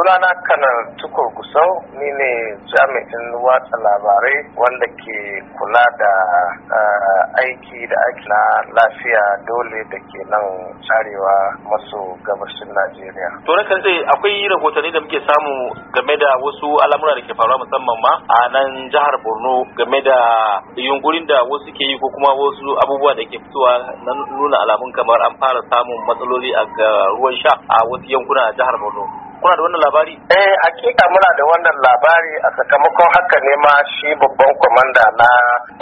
sunana kanar tukur gusau ni ne jami'in watsa labarai wanda ke kula da eh, aiki da aiki na lafiya dole da ke nan carewa maso gabashin najeriya to na kan akwai rahotanni da muke samu game da wasu al'amura da ke faruwa musamman ma a nan jihar borno game da yunkurin da wasu ke yi ko kuma wasu abubuwa da ke fitowa na nuna alamun kamar an fara samun matsaloli a ruwan sha a wasu yankuna a jihar borno kuna da wannan labari eh hakika muna da wannan labari a sakamakon haka ne ma shi babban kwamanda na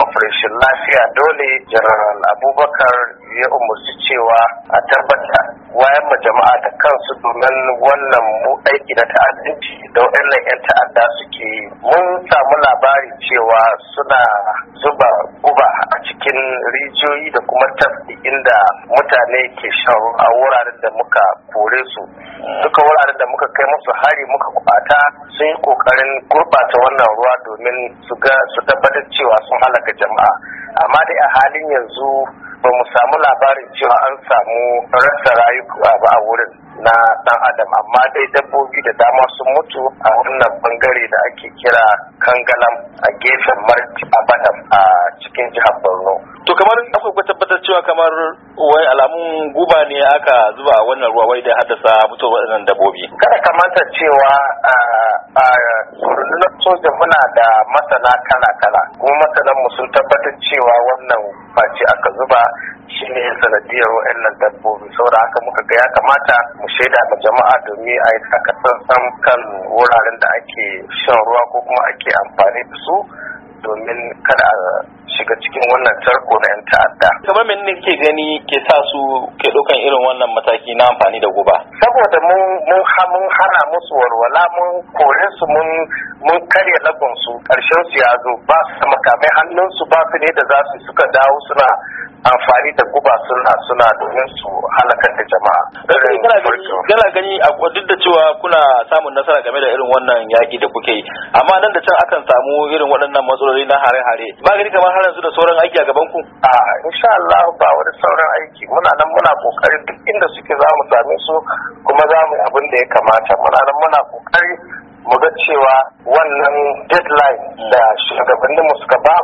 operation lafiya dole general abubakar ya umarci cewa a tabbata wayan ma jama'a da kansu domin wannan mu aiki na ta'addanci da wa'annan 'yan ta'adda suke mun samu labari cewa suna cikin rijiyoyi da kuma tafki inda mutane ke shan a wuraren da muka kore su duka wuraren da muka kai musu hari muka kwata sun yi kokarin gurbata wannan ruwa domin su su tabbatar cewa sun halaka jama'a amma dai a halin yanzu ba mu samu labarin cewa an samu rasa rayuka ba a wurin na dan adam amma dai dabbobi da dama sun mutu a wannan bangare da ake kira kangalam a gefen marti a badam a cikin jihar borno to kamar akwai tabbatar cewa kamar wai alamun guba ne aka zuba a wannan ruwa wai da haddasa mutuwa waɗannan dabbobi kada kamata cewa a a soja muna da masana kala kala kuma masanan mu sun tabbatar cewa wannan face aka zuba shi ne sanadiyar wa'annan dabbobi saboda haka muka ga ya kamata mu shaida ga jama'a domin a yi takasansan kan wuraren da ake shan ruwa ko kuma ake amfani da su domin kada a shiga cikin wannan tarko na 'yan ta'adda. Kamar min ne ke gani ke sa su ke ɗaukan irin wannan mataki na amfani da guba? Saboda mun hana musu walwala mun kore su mun karya lagon su ƙarshen su ya zo ba su makamai hannun su ba su ne da za su suka dawo suna amfani da guba suna suna domin su halakar da jama'a. Gana gani a duk da cewa kuna samun nasara game da irin wannan yaƙi da kuke yi amma nan da can akan samu irin waɗannan matsaloli na hare-hare. Ba gani kamar har su da sauran aiki a gaban ku a insha Allah ba wani sauran aiki muna nan muna kokarin duk inda suke zamu same su kuma za mu abin da ya kamata muna nan muna kokari mu ga cewa wannan deadline da shugabannin mu suka ba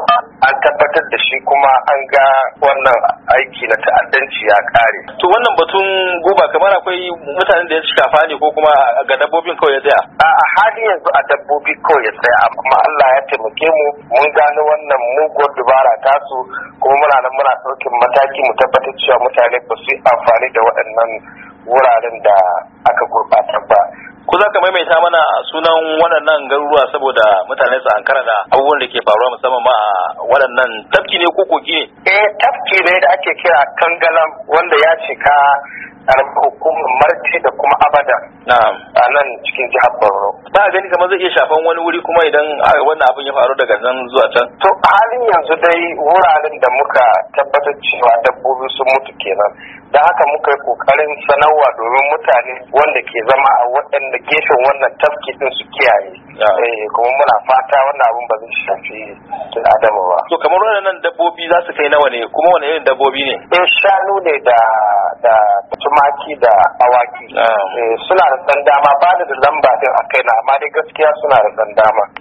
an tabbatar da shi kuma an ga wannan aiki na ta'addanci ya kare to wannan batun guba kamar akwai mutanen da ya shafa ne ko kuma ga dabbobin kawai ya tsaya a hali yanzu a dabbobi kawai ya tsaya amma Allah ya taimake mu mun gano wannan muguwar dubara tasu kuma muna nan muna ɗaukin mataki mu tabbatar cewa mutane ba su yi amfani da waɗannan wuraren da aka gurɓata ko za ka maimaita mana sunan waɗannan garuruwa saboda mutane su ankara da abubuwan da ke faruwa musamman ma a waɗannan tafki ne ko kogi ne eh tafki ne da ake kira kangalan wanda ya cika hukumar marti da kuma abada a nan cikin jihar borno ba a gani kamar zai iya shafan wani wuri kuma idan wannan abin ya faru daga nan zuwa can to halin yanzu dai wuraren da muka tabbatar cewa dabbobi sun mutu kenan da haka muka yi kokarin sanarwa domin mutane wanda ke zama a waɗanda gefen wannan tafki din su kiyaye eh kuma muna fata wannan abun ba zai shafi tun Adamu ba to kamar waɗannan dabbobi za su kai nawa ne kuma wani irin dabbobi ne eh shanu ne da da tumaki da awaki ah. eh, suna da dan dama ba da lamba din akai na amma dai gaskiya suna da dan dama